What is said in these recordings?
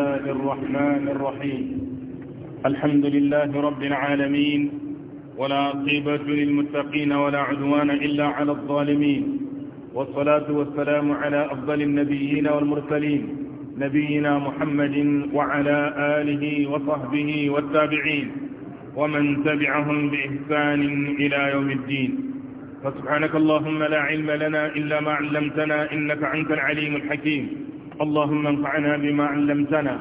الله الرحمن الرحيم الحمد لله رب العالمين ولا طيبة للمتقين ولا عدوان إلا على الظالمين والصلاة والسلام على أفضل النبيين والمرسلين نبينا محمد وعلى آله وصحبه والتابعين ومن تبعهم بإحسان إلى يوم الدين فسبحانك اللهم لا علم لنا إلا ما علمتنا إنك أنت العليم الحكيم اللهم انفعنا بما علمتنا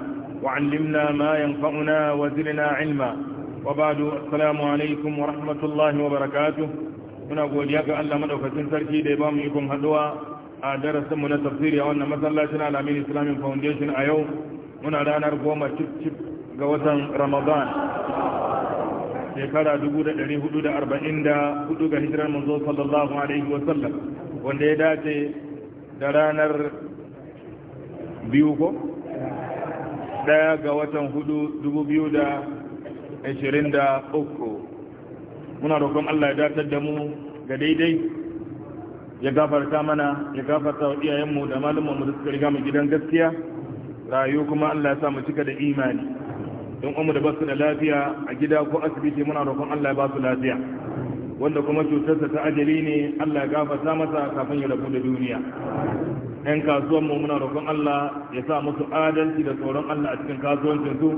وعلمنا ما ينفعنا وزرنا علما وبعد السلام عليكم ورحمة الله وبركاته muna godiya ga Allah madaukakin sarki da ya ba mu ikon a darasinmu na tafsiri a wannan masallacin alamin islamic foundation a yau muna ranar goma cif ga watan ramadan shekara hudu ga hijirar manzo sallallahu alaihi wasallam wanda ya dace da ranar biyu ko daya ga watan hudu dubu biyu da ashirin da uku muna roƙon allah ya datar da mu ga daidai ya gafarta mana ya gafarta wa iyayenmu da malumanmu da suka riga mu gidan gaskiya rayu kuma allah ya sa mu cika da imani don umu da basu da lafiya a gida ko asibiti muna roƙon allah ya ba su lafiya wanda kuma cutarsa ta ajali ne allah ya gafarta masa kafin ya rabu da duniya 'yan kasuwan mu muna roƙon Allah ya sa musu adalci da tsoron Allah a cikin kasuwancin su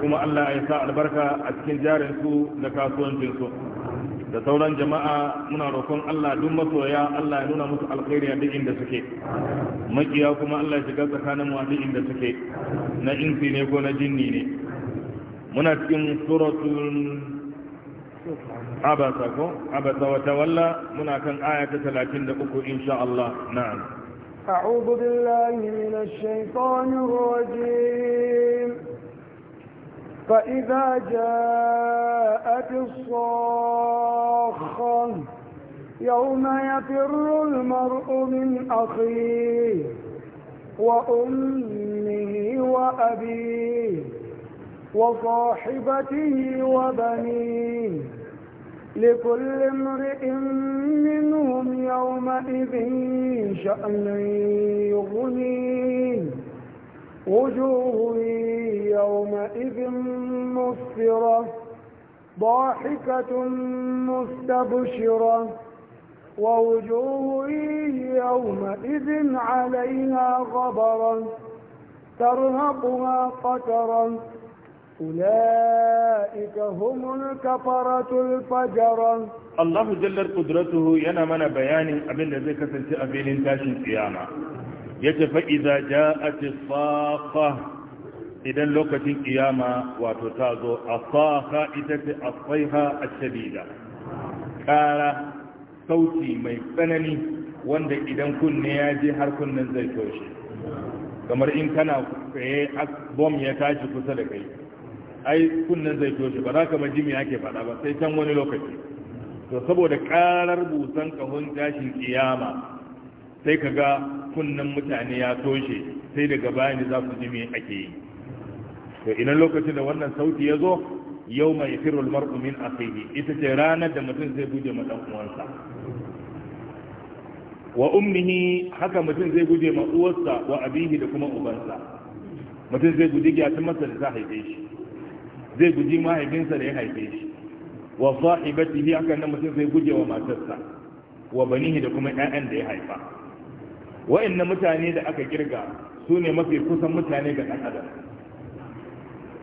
kuma Allah ya sa albarka a cikin jarin su da kasuwancin su da sauran jama'a muna roƙon Allah duk masoya Allah ya nuna musu alkhairi a duk inda suke makiya kuma Allah ya shiga tsakanin mu a duk inda suke na insi ne ko na jinni ne muna cikin suratul abasa ko abasa wa tawalla muna kan aya ta 33 insha Allah na'am أعوذ بالله من الشيطان الرجيم فإذا جاءت الصاخة يوم يفر المرء من أخيه وأمه وأبيه وصاحبته وبنيه لكل امرئ منهم يومئذ شأن يغنيه وجوه يومئذ مسفرة ضاحكة مستبشرة ووجوه يومئذ عليها غبرة ترهقها قترا أولئك هم الكفرة الفجرة الله جل قدرته ينا من بيان أبن الذي كسنت أبين تاشي قيامة يتفى إذا جاءت الصاخة إذا لوكة قيامة وتتازو الصاخة إذا الصيحة الشديدة قال صوتي ميسنني wanda idan kunne ya je har kunnen zai toshe kamar in kana tsaye bom ya tashi kusa da kai ai kunnen zai toshe ba za ka ma jimi ake faɗa ba sai can wani lokaci to saboda karar busan kahun tashin kiyama sai ka ga kunnen mutane ya toshe sai daga bayan za su jimi ake yi to idan lokacin da wannan sauti ya zo yau mai firul mar'u min akhihi ita ce ranar da mutum zai guje ma dan uwansa wa ummihi haka mutum zai guje ma uwarsa wa abihi da kuma ubansa mutum zai guje ya masa da ta haife shi zai guji mahaifinsa da ya haife shi wa bi hakan nan mutum zai guje wa matarsa wa banihi da kuma ƴaƴan da ya haifa wa'annan mutane da aka kirga su ne mafi kusan mutane ga ɗan adam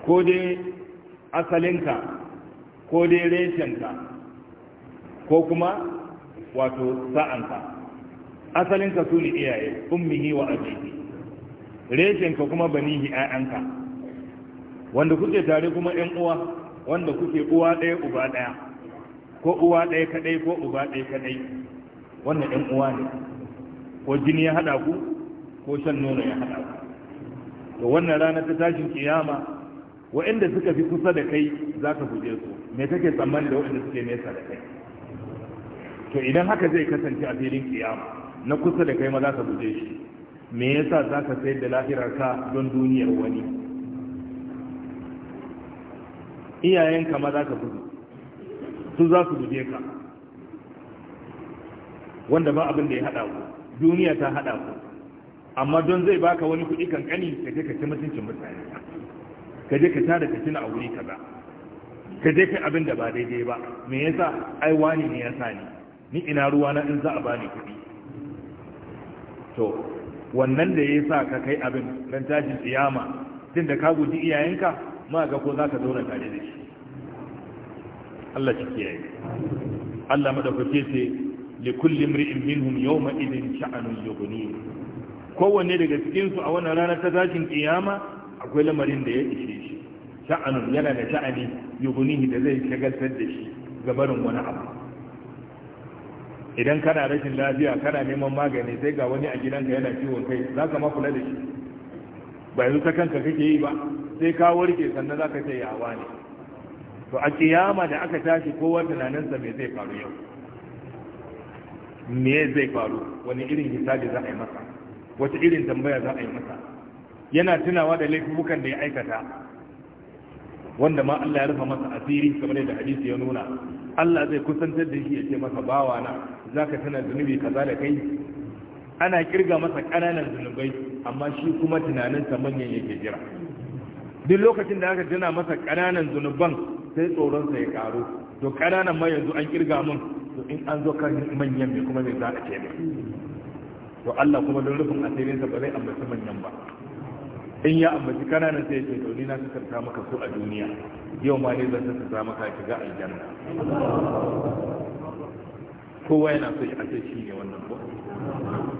ko dai asalinka ko dai reshenka ko kuma wato sa'anka asalinka su ne iyaye ummihi wa abihi reshenka kuma banihi ƴaƴanka wanda kuke tare kuma yan uwa wanda kuke uwa ɗaya uba ɗaya ko uwa ɗaya kaɗai ko uba ɗaya kaɗai wannan yan uwa ne ko jini ya haɗa ku ko shan nono ya haɗa ku to wannan rana ta tashin kiyama wa'inda suka fi kusa da kai za ka guje su me kake tsammani da waɗanda suke nesa da kai to idan haka zai kasance a filin kiyama na kusa da kai ma za ka guje shi me yasa za ka sayar da lahirarka don duniyar wani iyayenka ma za ka gudu su za su guje ka wanda ba abin da ya haɗa ku duniya ta haɗa ku amma don zai baka wani kuɗi kankani ka je ka ci mutuncin mutane ka je ka tara ka tuna a wuri kaza ka je kai abin da ba daidai ba me yasa ai wani ne yasa ni ni ina ruwa na in za a bani kuɗi to wannan da ya sa ka kai abin nan tashin tsiyama tun da ka guji iyayenka ma ga ko za ka zauna tare da shi Allah shi kiyaye Allah madaukake ce li kulli imri'in minhum yawma idin sha'anun yughni kowanne daga cikin su a wannan ranar ta tashin kiyama akwai lamarin da ya ishe shi sha'anun yana da sha'ani yughnihi da zai shagaltar da shi ga barin wani abu idan kana rashin lafiya kana neman magani sai ga wani a gidanka yana ciwon kai za ka ma kula da shi ba yanzu ta kanka kake yi ba sai ka warke sannan za ka sai yawa ne to a kiyama da aka tashi kowa tunaninsa me zai faru yau me zai faru wani irin hisabi za a yi masa wata irin tambaya za a yi masa yana tunawa da laifukan da ya aikata wanda ma Allah ya rufa masa asiri kamar yadda hadisi ya nuna Allah zai kusantar da shi ya ce masa bawa na za ka tana zunubi kaza da kai ana kirga masa ƙananan zunubai amma shi kuma tunaninsa manyan yake jira duk lokacin da aka jina masa ƙananan zunuban sai tsoronsa ya ƙaru, to ƙananan ma yanzu an ƙirga mun to in an zo kan manyan mai kuma mai za a ce ne to Allah kuma don rufin asirinsa ba zai ambaci manyan ba in ya ambaci ƙananan sai ce to ni na kasarta maka su a duniya yau ma ne zan kasarta maka shiga aljanna kowa yana so ya ce shi ne wannan ko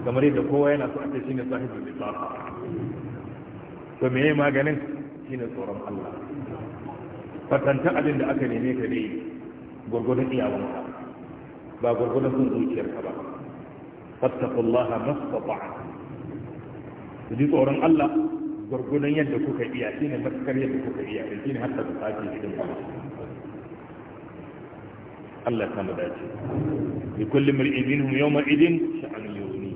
kamar yadda kowa yana so a ce shi ne sahibi da to me maganin shine tsoron Allah fatanta abin da aka neme ka dai gurgurdan iyawanka ba gurgurdan sun zuciyarka ba fattaqullaha mastata'tum ku ji tsoron Allah gurgurdan yadda kuka iya shine maskar yadda kuka iya shine hatta ku tafi cikin ba Allah ya samu dace li kulli mar'idin hum yawma idin sha'an yuni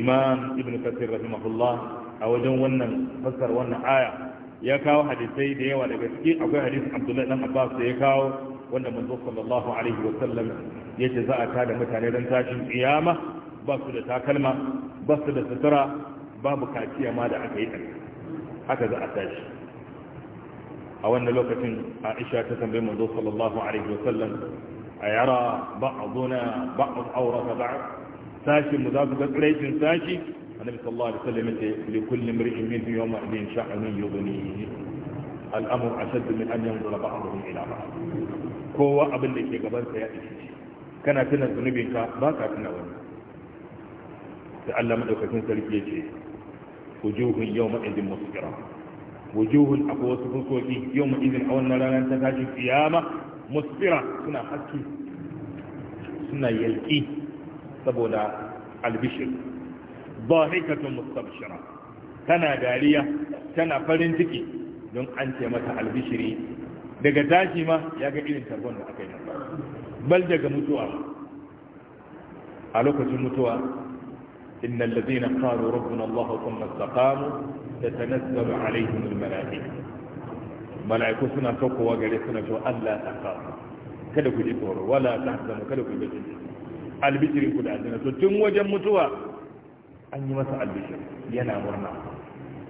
imam ibnu kathir rahimahullah a wajen wannan fassar wannan aya ya kawo hadisai da yawa daga ciki akwai hadisin abdullahi dan abbas da ya kawo wanda manzo sallallahu alaihi wa sallam yace za a tada mutane dan tashin kiyama ba su da takalma ba su da sutura babu kaciya ma da aka yi haka za a tashi a wannan lokacin aisha ta tambayi manzo sallallahu alaihi wa sallam a yara ba'duna ba'd awrata ba'd sashi mu za su ga tsiraicin sashi النبي صلى الله عليه وسلم لكل امرئ منه يوم عدين شعن يغنيه الامر اشد من ان ينظر بعضهم الى بعض هو قبل اللي قبلت يا اشي كان تنا ذنبك باكا تنا تعلم ادوك تنسل بيجي وجوه يومئذ عدين مسكرة وجوه الأقوى سفوكي يوم إذن أولنا لا ننتهاج قيامة مصفرة سنا حكي سنة يلقي سبولا البشر dhahikatun mustabshira tana dariya tana farin ciki don an ce mata albishiri daga tashi ma ya ga irin tarbon da aka yi masa bal daga mutuwa a lokacin mutuwa إن الذين قالوا ربنا الله ثم استقاموا تتنزل عليهم الملائكة ملائكة سنة سوقوا suna سنة Allah ta تخافوا kada ku ji tsoro wala ta hasanu kada ku ji tsoro albishirin ku da aljanna to tun wajen mutuwa an yi masa albishir yana murna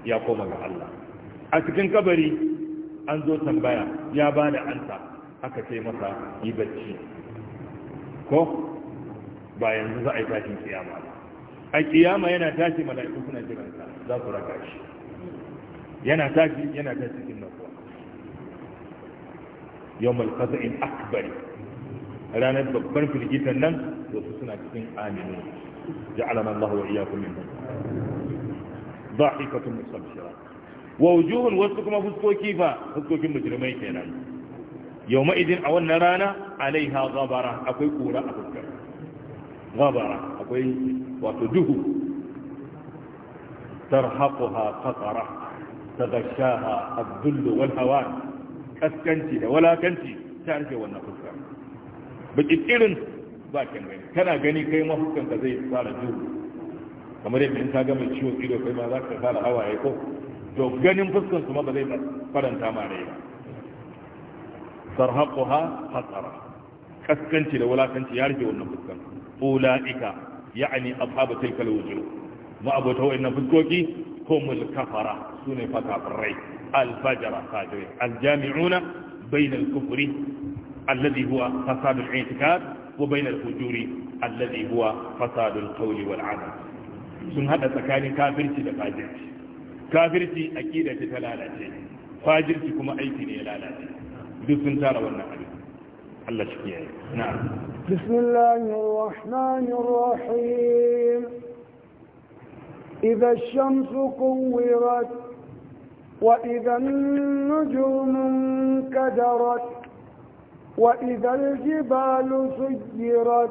ya koma ga Allah a cikin kabari an zo tambaya ya ba da ansa aka ce masa yi bacci ko ba yanzu za a yi tashin kiyama a kiyama yana tashi mala'iku suna jiranta, za su raka shi yana tashi yana tashi cikin nakuwa yawmal fasa'in akbari ranar babban firgitan nan wasu suna cikin aminu جعلنا الله وإياكم منهم ضاحكة مستبشرة ووجوه وسكم فسكو كيفا فسكو كم مجرمي كينا يومئذ أولنا رانا عليها غبرة أكوي كورا أفكر غبرة أكوي وتجه ترهقها قطرة تغشاها الذل والهوان أسكنتي ولا كنتي تعرفي وانا فسكر بجد إرن ba kyan gani kana gani kai ma ka zai fara jiro kamar yadda in ka ga mai ciwon ido kai ma za ka fara hawaye ko to ganin fuskan su ma ba zai faranta ma rai ba sarhaquha hasara kaskanci da wulakanci ya rike wannan fuskan ulaika ya'ni ashabu tilka alwujuh ma abota wannan fuskoki humul kafara sune fa kafirai alfajara kafirai aljami'una bainal kufri alladhi huwa fasadul i'tikad وبين الفجور الذي هو فساد القول والعمل sun hada tsakanin kafirci da fajirci kafirci akida ce ta lalace fajirci kuma aiki ne ya lalace duk sun tara wannan abin Allah shi kiyaye na'am bismillahir rahmanir rahim idza ash-shamsu kuwirat wa idza an-nujumu kadarat وإذا الجبال سجرت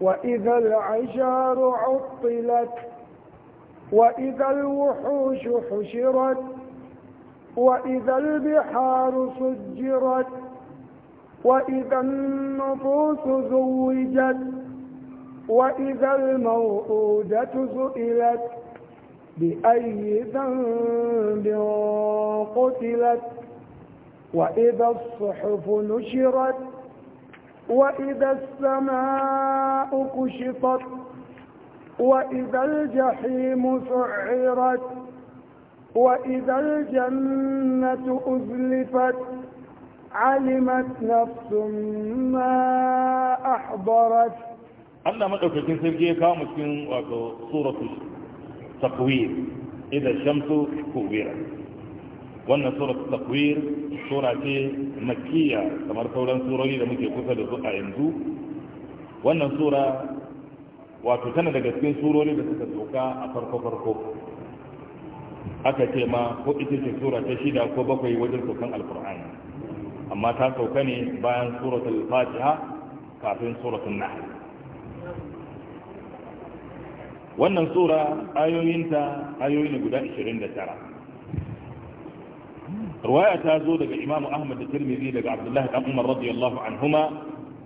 وإذا العشار عطلت وإذا الوحوش حشرت وإذا البحار سجرت وإذا النفوس زوجت وإذا الموءودة سئلت بأي ذنب قتلت وإذا الصحف نشرت وإذا السماء كشطت وإذا الجحيم سعرت وإذا الجنة أزلفت علمت نفس ما أحضرت الله ما أكتن سيرجي كامسكين سورة تقوير إذا الشمس كبيرت wannan sura takwir sura ce makkiya kamar sauran surori da muke kusa da su a yanzu wannan sura wato tana daga cikin surori da suka soka a farko farko aka ce ma ko ita ce sura ta shida ko bakwai wajen sokan alkur'ani amma ta sauka ne bayan suratul fatiha kafin suratul nahl wannan sura ayoyinta ayoyi ne guda 29 ruwaya ta zo daga imamu ahmad da tirmidhi daga abdullahi dan umar radiyallahu anhuma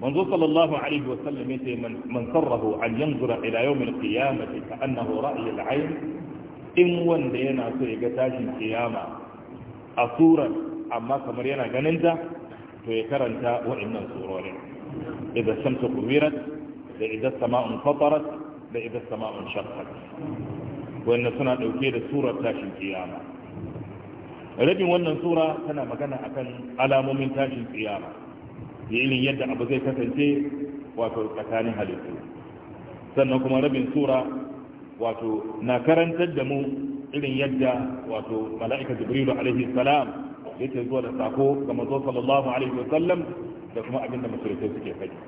manzo sallallahu alaihi wa sallam yace man sarrahu an yanzura ila yawm al-qiyamati ka annahu ra'i al-ayn in wanda yana so ya ga tashin kiyama a suran amma kamar yana ganin ta to ya karanta wa'annan surorin idza shamsu kuwirat da idza sama'un fatarat da idza sama'un shaqqat wannan suna dauke da surar tashin kiyama rabin wannan sura tana magana akan alamomin tashin tsiyama da yadda abu zai kasance wato tsakanin halittu sannan kuma rabin sura wato na karantar da mu irin yadda wato mala'ika jibrilu alaihi salam yake zuwa da sako ga manzo sallallahu alaihi wasallam da kuma abin da musulmai suke faɗi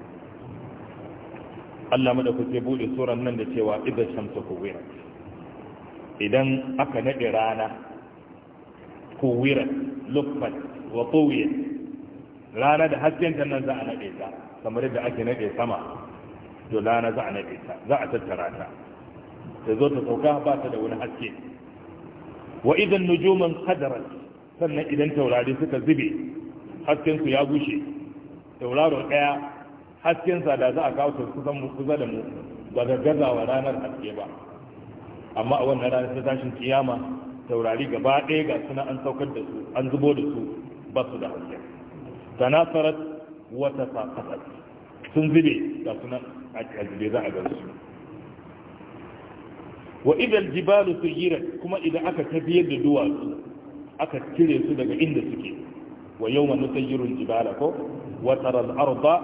Allah madaukake bude suran nan da cewa idan shamsu kuwirat idan aka nade rana kowira lukman wa kowiya rana da hasken nan za a naɗe ta kamar yadda ake naɗe sama to rana za a naɗe ta za a tattara ta ta zo ta sauka ba ta da wani haske wa idan nujuman kadarat sannan idan taurari suka zube haskensu ya gushe tauraron ɗaya haskensa da za a kawo ta kusan kusa da mu ba da gazawa ranar haske ba amma a wannan ranar ta tashin kiyama taurari gaba ɗaya ga suna an saukar da su an zubo da su ba su da hujja tanasarat wa tafaqat sun zube ga suna a zube za a ga su wa idan jibalu suyirat kuma idan aka tafiyar da duwatsu aka cire su daga inda suke wa yawma nusayyirul jibala ko wa tara al-arda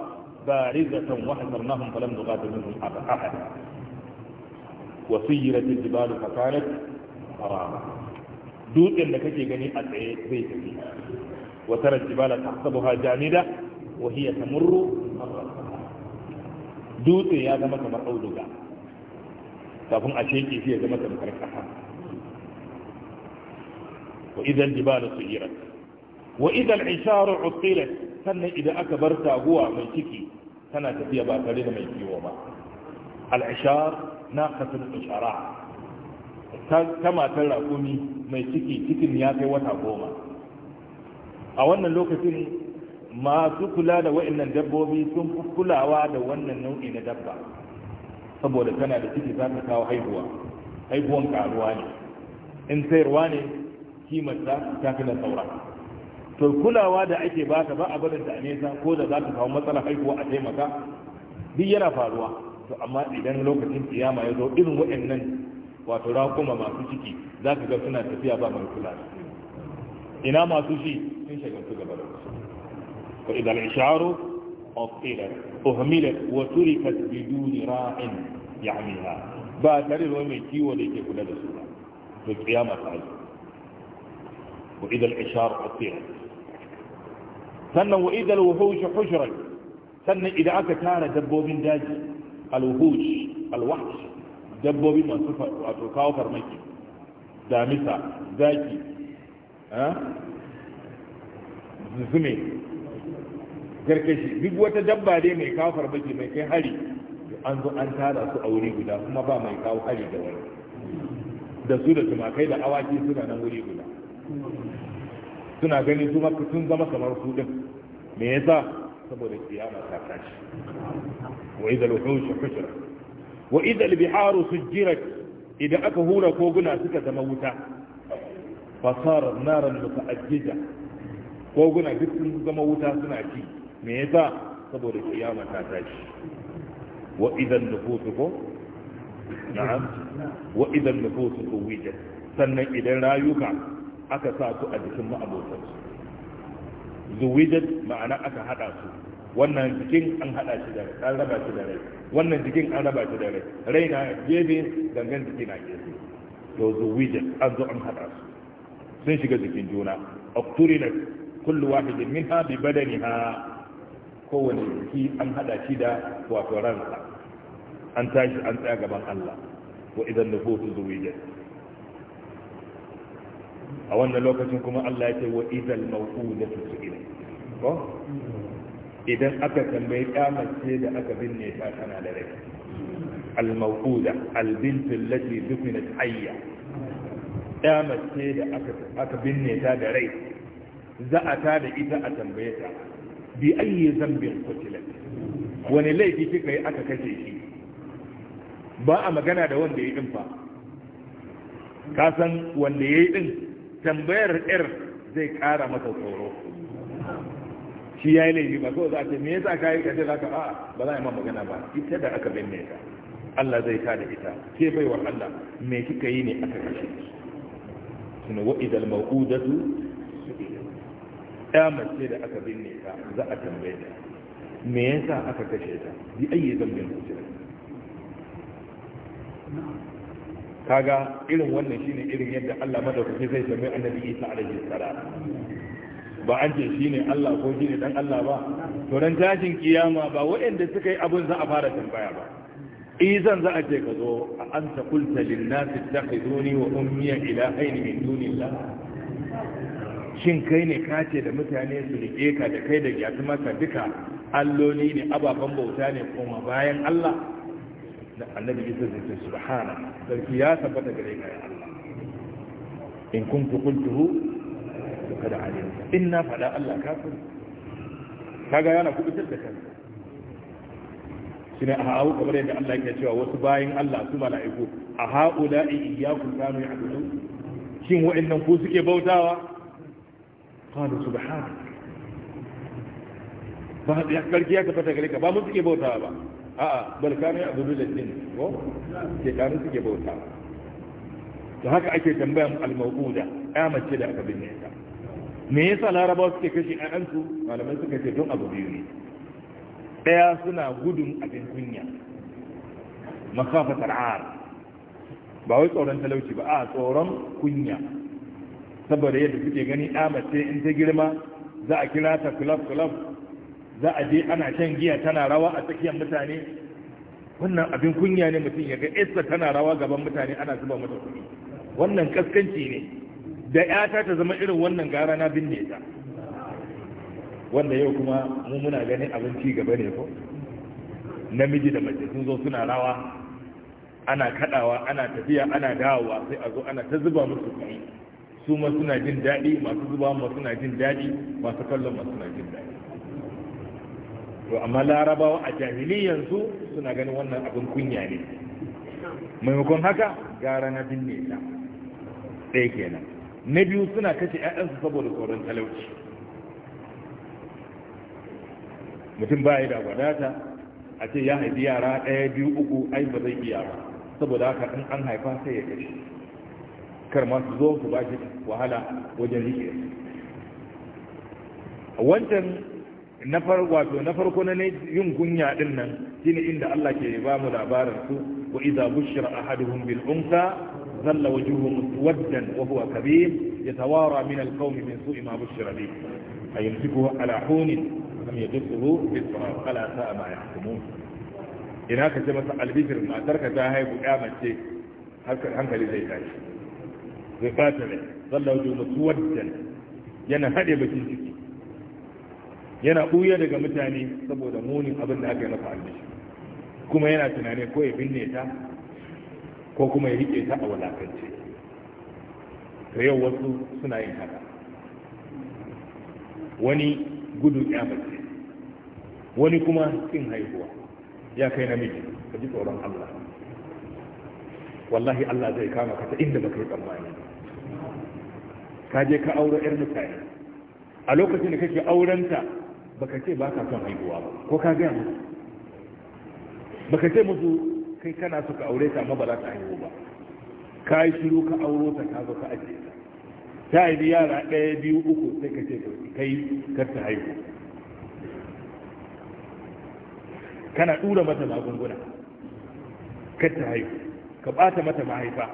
barizatan wa hasarnahum falam nughadir minhum ahada wa suyirat al-jibalu fakanat qaraba dutsen da kake gani a tsaye zai tafi wa tara jibala tahsabuha jamida wa hiya tamurru dutse ya zama kamar auduga kafin a sheke shi ya zama tamkar kasa wa idan jibalu suyirat wa idan isharu utilat sannan idan aka bar taguwa mai ciki tana tafiya ba tare da mai kiwo ba al-ishar naqatul ishara ta matar raƙumi mai ciki cikin ya kai wata goma a wannan lokacin masu kula da wa'annan dabbobi sun fi kulawa da wannan nau'i na dabba saboda tana da ciki za ta kawo haihuwa haihuwan karuwa ne in sayarwa ne kimarta ta fi na saura to kulawa da ake ba ta ba a barin ta nesa ko da za ta kawo matsala haihuwa a taimaka duk yana faruwa to amma idan lokacin kiyama ya zo irin wa'annan wato rakuma masu ciki za ka ga suna tafiya ba mai kula ina masu shi sun shagaltu gaba da su fa idan isharu uqilat uhmilat wa turikat biduni ra'in ya'miha ba tare da mai kiwo da yake kula da su ba to kiyama ta yi ko idan isharu uqilat sannan wa idan wuhush hushrat sannan idan aka tara dabbobin daji al-wuhush al-wahsh dabbobi masu wato kawo farmaki damisa zaki zuzume eh, garkashi duk wata dabba dai mai kawo farmaki mai kai hari an zo an tara su a wuri guda kuma ba mai kawo hari da wani da su da tumakai da awaki suna nan wuri guda suna ganin su maka sun zama kamar su din me yasa saboda kiyama ta tashi wa idal wuhush hushra wa idal biharu sujjirat idan aka hura koguna suka zama wuta fasar naran muta'ajjija koguna duk sun zama wuta suna ci me yasa saboda kiyama ta tashi wa idan nufusu ko na'am wa idan nufusu uwijat sannan idan rayuka aka sa su a jikin ma'abotansu zuwijat ma'ana aka hada su wannan jikin an hada shi da rai an raba shi da rai wannan jikin an raba shi da rai rai na gefe gangan jiki na gefe to zu wijin an zo an hada su sun shiga jikin juna okturina kullu wahidin minha bi badaniha kowane jiki an hada shi da wato ransa an tashi an tsaya gaban Allah wa idan nufusu zuwijat a wannan lokacin kuma Allah ya ce wa idan mawqudatu su'ila ko idan aka tambayi kyamace da aka binne ta tana da rai al-mawquda al-bintu allati dufinat hayya kyamace da aka binne ta da rai za a ta da ita a tambaye ta bi ayyi zambin qutilat wani laifi kika yi aka kashe shi ba a magana da wanda ya yi din fa ka san wanda ya yi din tambayar 'yar zai kara masa tsoro shi ya yi laifi ba kawai za a ce me yasa ka yi ce za ka a ba za a yi ma magana ba ita da aka binne ta Allah zai ta da ita ke wa Allah me kika yi ne aka kashe tuna wa idal mawqudatu ya mace da aka binne ta za a tambaye ta me yasa aka kashe ta bi ayi zambin ce kaga irin wannan shine irin yadda Allah madaukake zai tambaye annabi Isa alaihi salam ba an ce shi ne Allah ko shi ne dan Allah ba to ran tashin kiyama ba waɗanda suka yi abin za a fara tambaya ba izan za a ce ka zo a an ta kulta linnasi ta khizuni wa ummiya ilahaini min dunillah shin kai ne ka ce da mutane su rike ka da kai da maka duka alloli ne ababen bauta ne kuma bayan Allah da annabi isa zai ce subhana sarki ya tabbata gare ka ya Allah in kuntu qultuhu ka da alinsa in na faɗa Allah ka kaga yana kubutar da kansa shine a hawo kamar yadda Allah yake cewa wasu bayan Allah su mala'iku a haula iyyakum kanu ya'budun shin wa'annan ku suke bautawa qalu subhana ba ya karki ya tafi ta gare ka ba mu suke bautawa ba a'a bal kanu da lil ko ke kanu suke bautawa to haka ake tambayan al-mawquda ya mace da aka binne ta me yasa larabawa suke kashe ƴaƴansu malamai suka ce don abu biyu ne ɗaya suna gudun abin kunya makafatar ar ba wai tsoron talauci ba a tsoron kunya saboda yadda suke gani amace in ta girma za a kira ta kulaf kulaf za a je ana shan giya tana rawa a tsakiyar mutane wannan abin kunya ne mutum ya ga esa tana rawa gaban mutane ana zuba mata kuɗi wannan kaskanci ne da yata ta zama irin wannan gara na binne ta wanda yau kuma mu muna ganin abin ci gaba ne ko namiji da mace sun zo suna rawa ana kadawa ana tafiya ana dawowa sai a zo ana ta zuba musu kuɗi su ma suna jin daɗi masu zuba ma suna jin daɗi masu kallon masu suna jin daɗi to amma larabawa a su suna ganin wannan abin kunya ne maimakon haka gara na binne ta ɗaya kenan na biyu suna kashe 'ya'yansu saboda tsoron talauci mutum ba ya da wadata a ce ya haifi yara ɗaya biyu uku ai ba zai iya ba saboda haka in an haifa sai ya kashe kar ma su zo su ba shi wahala wajen rike wancan na wato na farko na yin kunya dinnan nan shine inda Allah ke ba mu labarin su wa idza bushira ahaduhum bil unsa ظل وجهه مسودا وهو كبير يتوارى من القوم من سوء ما بشر به أيمسكه على حون أم يدسه بالتراب ألا ساء ما يحكمون ina ka ce masa albishir matarka ta haihu ya mace hankali zai tashi zai bata ne zallau ji musu wajen yana haɗe bakin ciki yana ɓuya daga mutane saboda munin abin da aka yi masa kuma yana tunanin ko ya binne ta ko kuma ya riƙe ta a walakance ta yau wasu suna yin haka wani gudu ya kyamace wani kuma cin haihuwa ya kai namiji ka ji tsoron Allah wallahi Allah zai kama ka ta inda ba kai tsammani ka je ka aure yar mutane a lokacin da kake aurenta baka ce baka son haihuwa ba ko ka gaya musu baka ce musu kai kana so ka aure ta amma ba za ta haihu ba ka yi shiru ka auro ta ka zo ka ajiye ta ta haifi yara ɗaya biyu uku sai ka ce kai kar ta haihu kana ɗura mata magunguna kar ta haihu ka ɓata mata mahaifa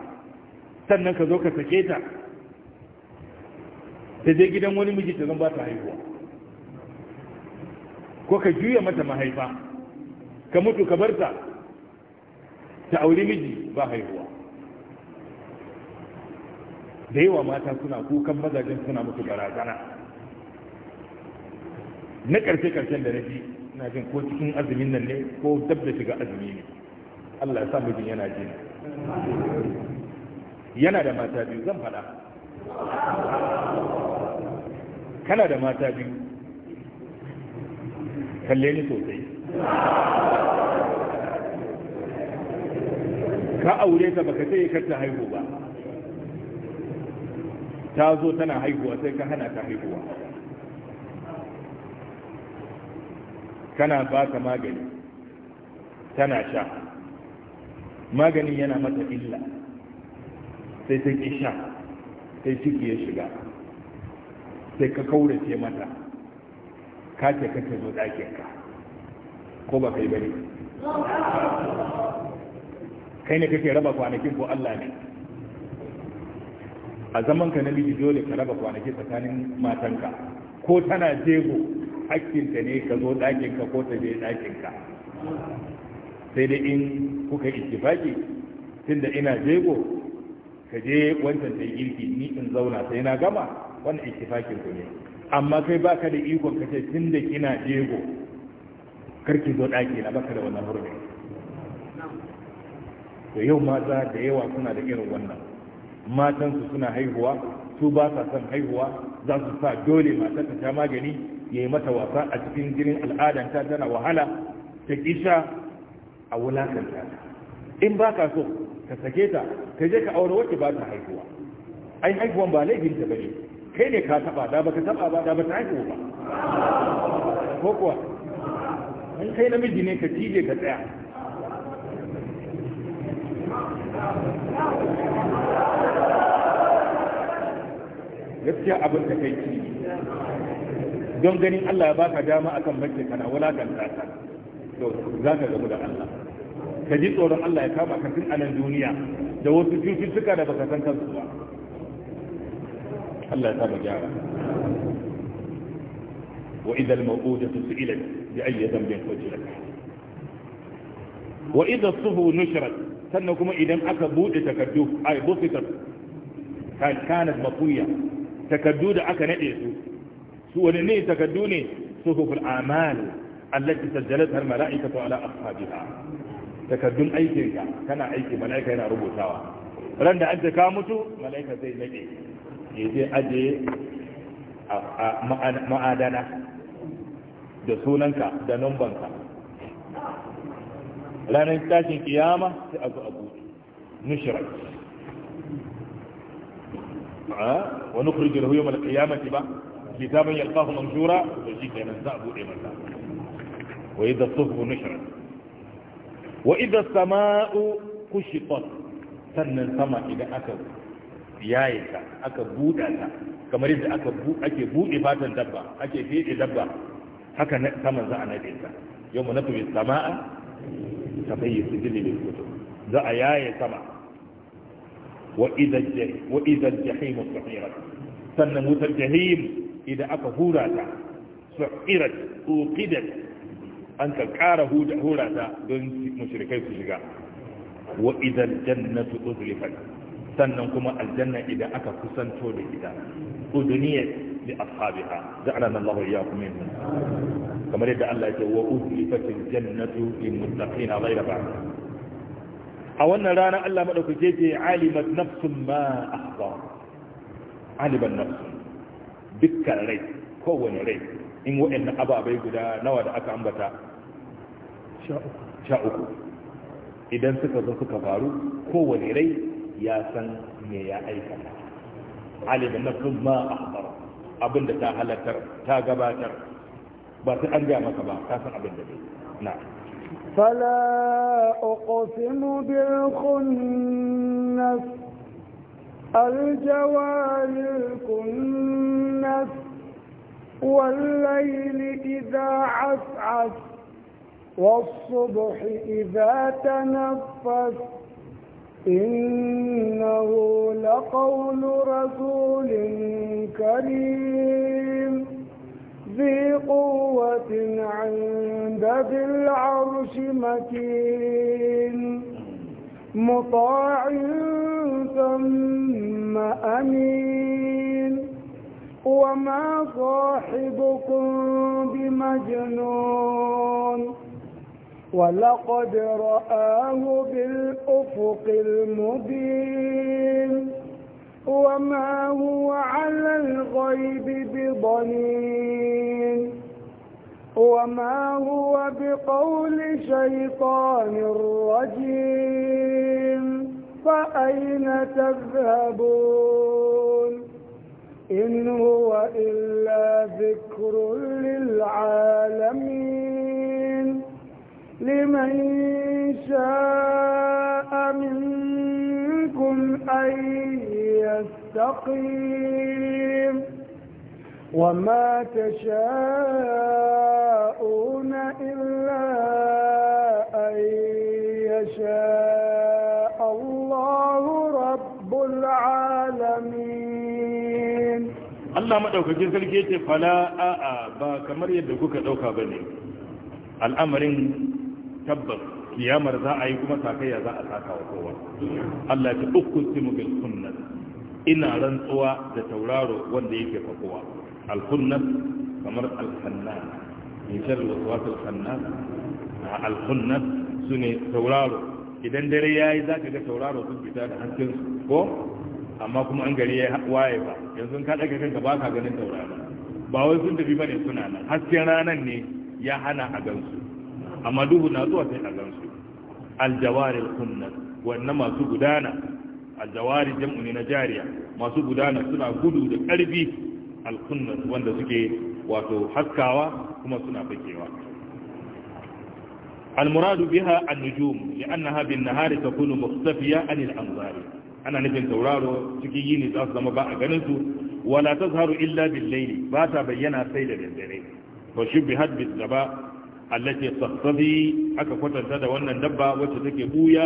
sannan ka zo ka sake ta ta je gidan wani miji ta zan ba ta haihuwa ko ka juya mata mahaifa ka mutu ka bar ta. ta aure miji ba haihuwa da yawa mata suna kukan mazajen suna musu barazana na karshe-karshen da nafi na jin ko cikin azumin nan ne ko dab da shiga azumi ne Allah ya sa mijin yana ji yana da mata biyu zan faɗa kana da mata biyu kalle ni sosai ka aure ta baka sai ka ta haihu ba ta zo tana haihuwa sai ka hana ta haihuwa kana ba ka magani tana sha maganin yana mata illa sai ta ki sha sai ciki ya shiga sai ka kaurace mata ka ce kake zo ɗakinka ko ba kai bane kai ne kake raba kwanakin ko Allah ne a zaman ka namiji dole ka raba kwanaki tsakanin matanka ko tana jego hakkinta ne ka zo ɗakinka ko ta je ɗakinka sai dai in kuka ittifaki tunda ina jego ka je wancan ta girki ni in zauna sai na gama wannan ittifakin ku ne amma kai baka da ikon tun tunda kina jego karki zo ɗaki na baka da wannan hurumin to yau mata da yawa suna da irin wannan matansu suna haihuwa su ba sa son haihuwa za su sa dole matar ta sha magani ya yi mata wasa a cikin jinin ta tana wahala ta kisha a ta in ba ka so ka sake ta ka je ka aure wacce ba ta haihuwa ai haihuwan ba laifinta ba ne kai ne ka taba da baka taba ba da ba ta haihu ba ko kuwa in kai namiji ne ka cije ka tsaya gaskiya abin da kai ci don ganin Allah ya ba baka dama akan mace kana wulakanta ta to za ka gamu da Allah ka ji tsoron Allah ya kama kan tun a nan duniya da wasu cututtuka da baka san kansu ba Allah ya saba gyara wa idal mawqudatu su'ilat bi ayyi dhanbin qutilat wa idha suhu nushrat sannan kuma idan aka buɗe takardu ai bufitar kanat makuya takardu da aka naɗe su su wani ne takardu ne su Allah suhuful amal allati sajjalat al mala'ikatu ala ashabiha takardun aikinka ka kana aiki mala'ika yana rubutawa ran da an ka mutu mala'ika zai nade ya je aje ma'adana da sunanka da numbanka ranar tashin kiyama sai a zo a wani nushirat wa nukhrij lahu yawm al-qiyamati ba kitaban yalqahu manshura to shi kenan za a buɗe masa wa idha as-sufu nushirat wa idha as-sama'u kushitat sannan sama idan aka yaye ta aka buɗa ta kamar yadda aka ake buɗe fatan dabba ake fiɗe dabba haka saman za a nade ta yau mu nafi sama'a tafayyi sijili lil kutub za a yaye sama wa idha jahim sannan wutar jahim idan aka hura ta uqidat an ka kara hura ta don mushrikai su shiga wa idha jannatu uzlifat sannan kuma aljanna idan aka kusanto da ita uduniyat ashabiha ja'alana Allahu iyyakum kamar yadda Allah yake wa uzlifatil jannatu lil muttaqina ghayra ba'd a wannan rana Allah madaukake yake alimat nafsun ma ahda nafs dukkan rai wani rai in wa'annan ababai guda nawa da aka ambata sha uku idan suka zo suka faru kowane rai ya san me ya aikata alimin nafsun ma akhbara abin da ta halartar ta gabatar ba ta an maka ba ta san abin da zai na fala uqsimu bil khunnas al jawal kunnas wal layli idha as'as والصبح إذا تنفس إنه لقول رسول كريم ذي قوة عند ذي العرش مكين مطاع ثم أمين وما صاحبكم بمجنون ولقد رآه بالأفق المبين وما هو على الغيب بضنين وما هو بقول شيطان رجيم فأين تذهبون إن هو إلا ذكر للعالمين لمن شاء منكم أن يستقيم وما تشاءون إلا أن يشاء الله رب العالمين الله ما دوكا جزل فلا آآ با كمر يدوكا دوكا بني الأمرين tabbas kiyamar za a yi kuma sakayya za a saka wa kowa Allah ya simu bil sunnah ina rantsuwa da tauraro wanda yake fakowa al sunnah kamar al hannan ni shar waswas al hannan al sunnah sune tauraro idan dare yayi zaka ga tauraro sun fita da hankin ko amma kuma an gari ya waye ba yanzu ka daga kanka baka ganin tauraro ba wai sun tafi bane suna nan hasken ranan ne ya hana a gansu amma duhu na zuwa sai a gansu aljawaril kunnas wannan masu gudana aljawari jam'u ne na jariya masu gudana suna gudu da ƙarfi alkunnan wanda suke wato haskawa kuma suna fakewa almuradu biha an-nujum li'annaha bin-nahari takunu mukhtafiya 'anil anzari ana nufin tauraro cikin yini za su zama ba a ganin su wala tazharu illa bil-layli ba ta bayyana sai da daddare wa shubbihat bil-zaba allati sassafi aka kwatanta da wannan dabba wacce take buya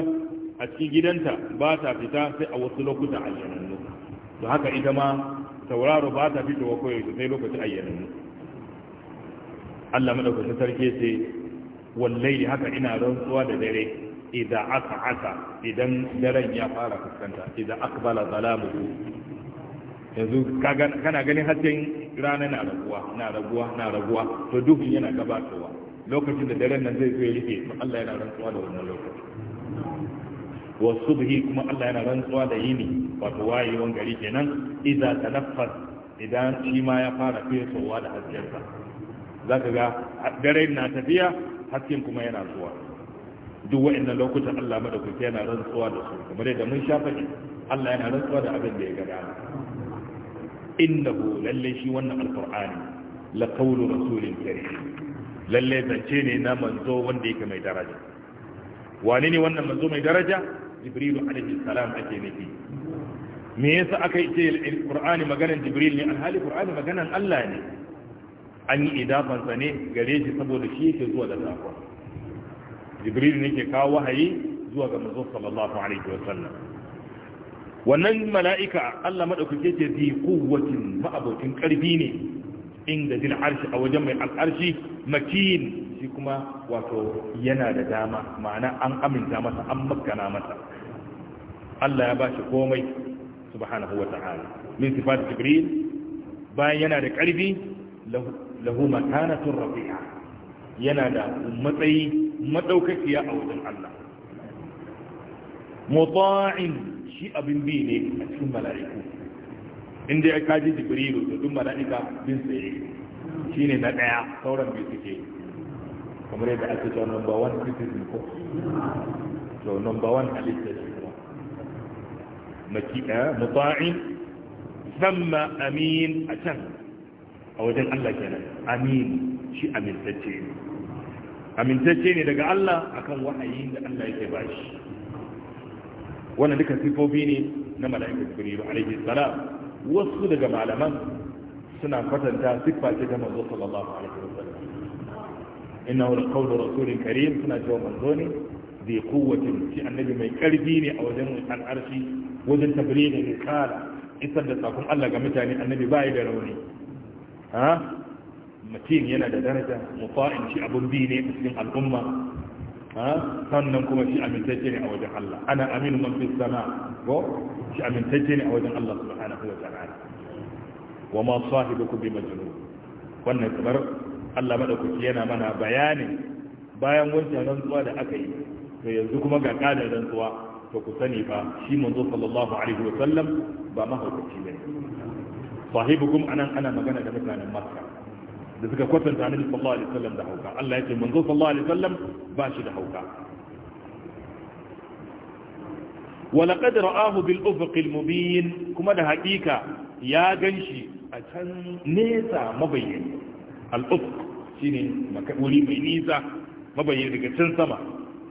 a cikin gidanta ba ta fita sai a wasu lokuta ayyanannu to haka ita ma tauraro ba ta wa koyaushe sai lokaci ayyanannu Allah madaukakin sarki sai wallahi haka ina rantsuwa da dare idan aka aka idan daren ya fara fuskanta idan akbala zalamu yanzu kana ganin hasken rana na raguwa na raguwa na raguwa to duk yana gabatowa lokacin da daren nan zai zo ya rike Allah yana rantsuwa da wannan lokaci wa subhi kuma Allah yana rantsuwa da yini wato wayewan gari kenan idza tanaffas idan shi ma ya fara fesowa da haskensa zaka ga dare na tafiya hasken kuma yana zuwa duk wa'annan lokutan Allah madaukaki yana rantsuwa da su kamar yadda mun shafa ne Allah yana rantsuwa da abin da ya ga dama innahu lalle shi wannan alqur'ani la qawlu rasulin karim lalle zance ne na manzo wanda yake mai daraja wane ne wannan manzo mai daraja jibrilu alaihi salam ake nufi me yasa aka yi ce qur'ani maganan jibril ne alhali qur'ani maganan Allah ne an yi idafan sa ne gare shi saboda shi yake zuwa da zakon jibril ne ke kawo wahayi zuwa ga manzo sallallahu alaihi wasallam wannan mala'ika Allah madaukake ce zi quwwatin ma'abotin karfi ne inda zil arshi a wajen mai al'arshi makin shi kuma wato yana da dama ma'ana an aminta masa an makana masa Allah ya ba shi komai subhanahu wa ta'ala min sifat jibril bayan yana da karfi lahu makanatun rafi'a yana da matsayi madaukakiya a wajen Allah muta'in shi abin bi ne a cikin mala'iku inda ya kaji jibrilu da duk mala'ika bin tsaye shine na daya sauran bai suke kamar yadda ake cewa number one citizen ko to number one halitta shi kuma maki eh, muta'in samma amin a can a wajen Allah kenan amin shi amintacce ne amintacce ne daga Allah akan wa'ayi da Allah yake bashi wannan duka sifofi ne na mala'ika jibrilu alaihi salam wasu daga malaman suna kwatanta siffa ce ta manzo sallallahu alaihi wasallam innahu alqawlu rasulin karim suna cewa manzo ne bi quwwatin shi annabi mai karfi ne a wajen al'arshi wajen tablighi risala isar da sakon Allah ga mutane annabi bai da rauni ha mutum yana da daraja mutain shi abun bi ne cikin al'umma sannan kuma shi amintacce ne a wajen Allah ana aminu man fi sama ko shi amintacce ne a wajen Allah subhanahu wa ta'ala wa ma sahibukum bi majnun wannan kamar Allah madaukaki yana mana bayani bayan wancan rantsuwa da aka yi to yanzu kuma ga kadar rantsuwa to ku sani fa shi manzo sallallahu alaihi wa sallam ba mahaukaci bane sahibukum anan ana magana da mutanen Makka da suka kwatanta annabi sallallahu alaihi wasallam da hauka Allah ya ce manzo sallallahu alaihi wasallam ba shi da hauka ولقد رآه بالأفق المبين كما ده حقيقة يا غنشي أتن نيسا مبين الأفق شيني مكولي بنيسا مبين لك تنسما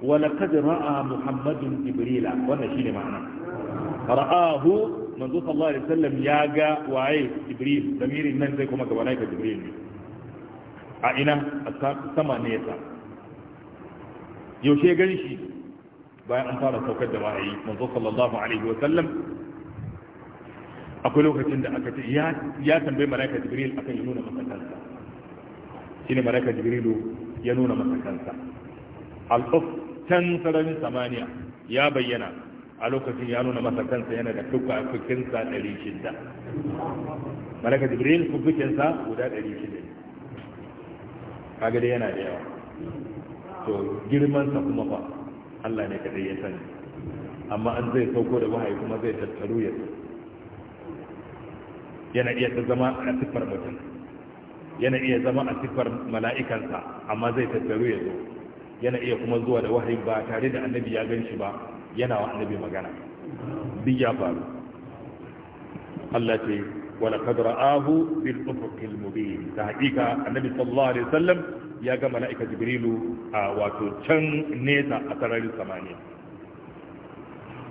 ولقد رأى محمد جبريل وانا شيني معنا رآه منذ صلى الله عليه وسلم يا غا وعي جبريل ضمير الناس زي كما كملائكة جبريل a ina a sama ne yasa yaushe gani shi bayan an fara saukar da wahayi manzo sallallahu alaihi wa sallam akwai lokacin da aka ce ya tambayi malaika jibril akan ya nuna masa kansa ne malaika jibrilu ya nuna masa kansa al-uf sararin samaniya ya bayyana a lokacin ya nuna masa kansa yana da fuka ɗari shida malaika jibril fukinsa guda ɗari 600 kaga dai yana da yawa to girman sa kuma fa Allah ne kadai ya sani amma an zai sauko da wahayi kuma zai tattaru ya yana iya ta zama a siffar mutum yana iya zama a siffar mala'ikansa amma zai tattaru ya zo yana iya kuma zuwa da wahayi ba tare da annabi ya gan shi ba yana wa annabi magana duk ya faru Allah ce ولقد رآه بالأفق المبين تحقيقا النبي صلى الله عليه وسلم يا جماعة ملائكة جبريل واتو تشن نيتا أترى السمانية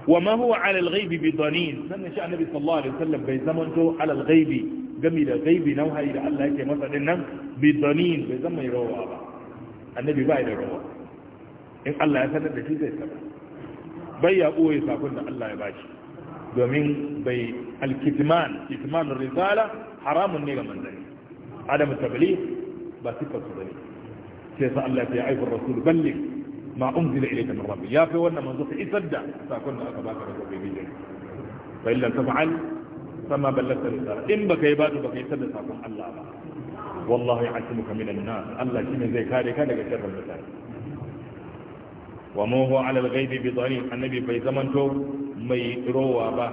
وما هو على الغيب بضنين سنة شاء النبي صلى الله عليه وسلم بيزمنته على الغيب جميل غيب نوها إلى الله كي مثلا إنه بضنين بيزمن يروى أبا النبي بايد يروى إن الله يسنى بشي زي سبا بيا قوي ساكن الله يباشي domin bai alkitman kitmanin risala haramun ne ga manzanni adam tabli ba sifar su bane sai sa Allah ya aika rasul balli ma unzila ilayka min rabbi ya fi wannan manzo ka isar da sakon da aka baka daga ubangiji fa illa taf'al fama ballagta risala in baka yi ba baka isar da sakon Allah ba wallahi ya'timuka minan nas Allah shine zai kare ka daga sharrin mutane wa ma huwa ala al-ghaibi bi dhanin annabi bai zamanto mai rowa ba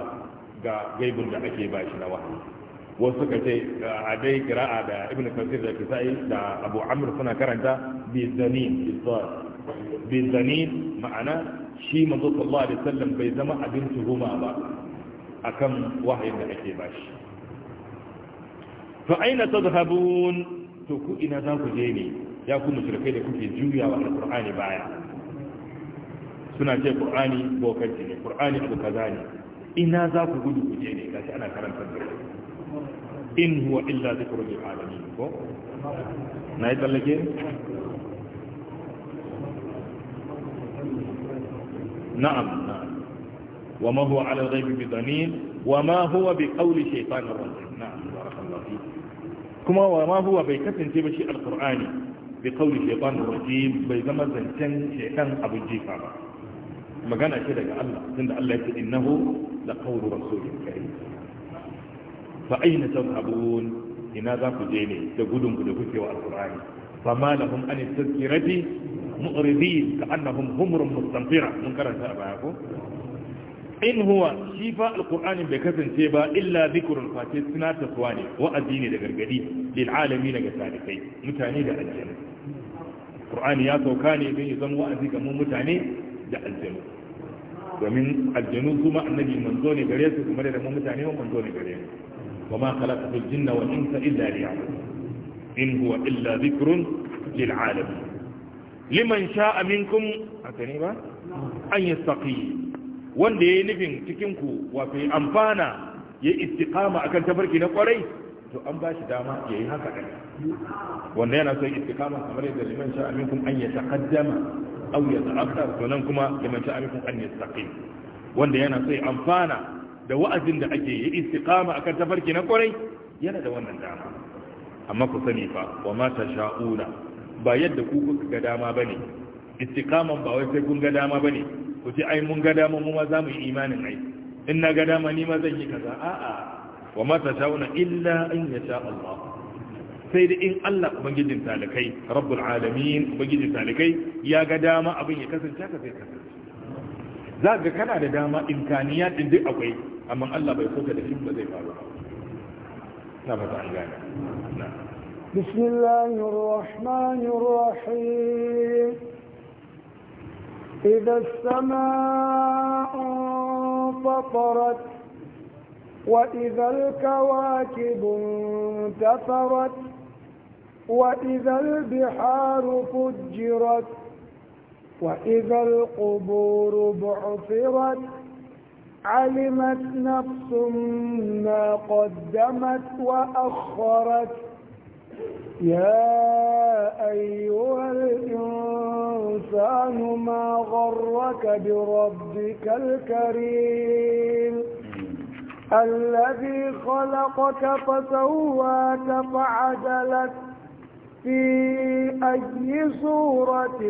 ga gaibin da ake ba shi na wahayi wasu suka ce a dai kira'a da ibn kasir da kisa'i da abu amr suna karanta bizanin bizanin ma'ana shi manzo sallallahu alaihi wasallam bai zama abin tuhuma ba akan wahayin da ake ba shi fa aina tadhhabun to ku ina za ku je ne ya ku mushrikai da kuke juyawa alqur'ani baya suna ce qur'ani bokanci ne qur'ani abu kaza ne ina za ku gudu ku je ne gashi ana karanta da in huwa illa zai zikrul lil alamin ko na yi tsallake na'am na'am wa ma huwa ala ghaibi bi dhanin wa ma huwa bi qawli shaytanir rajim na'am barakallahu fi kuma wa ma huwa bai kasance ba shi alqur'ani bi qawli shaytanir rajim bai zama zancen shaytan abu jifa ba magana ce daga Allah tunda Allah ya ce innahu la qawlu rasulin karim fa aina tadhhabun ina za ku je ne da gudun ku da kuke wa alqur'ani fa ma lahum an tadhkirati mu'ridin ka annahum humrun mustanfira mun karanta a baya ko in huwa shi fa alqur'ani bai kasance ba illa dhikrun suna tunatarwa ne wa'azi ne da gargadi lil alamin ga talikai mutane da aljanna qur'ani ya sauka ne don ya zama wa'azi ga mu mutane da aljanu domin aljanu kuma annabi manzo ne gare su kuma da mu mutane mu manzo ne gare mu wa ma khalaqatul jinna wal insa illa liya'budun in huwa illa dhikrun lil alamin liman sha'a minkum akani ba an yastaqi wanda yayi nufin cikin ku wa fi amfana ya istiqama akan tabarki na kwarai to an ba shi dama ya yi haka ɗin wanda yana son istikama kamar yadda liman sha aminkum an ya taqaddama aw ya ta'akhkhar to nan kuma liman sha aminkum an yastaqim wanda yana son amfana da wa'azin da ake yi istikama akan tafarki na kwarai yana da wannan dama amma ku sani fa wa ma tasha'una ba yadda ku kuka ga dama bane istikaman ba wai sai kun ga dama bane ku ce ai mun ga dama mu ma za mu yi imanin ai in na ga dama ni ma zan yi kaza a'a wa ma tashauna illa an yasha Allah sai da in Allah ubangijin talikai rabbul alamin ubangijin talikai ya ga dama abin ya kasance ka sai kasance za ga kana da dama imkaniya din duk akwai amma Allah bai so ka da shin ba zai faru na ba an gane بسم الله الرحمن الرحيم إذا السماء انفطرت وإذا الكواكب انتفرت وإذا البحار فجرت وإذا القبور بعثرت علمت نفس ما قدمت وأخرت يا أيها الإنسان ما غرك بربك الكريم الذي خلقك فسواك فعدلك في أي صورة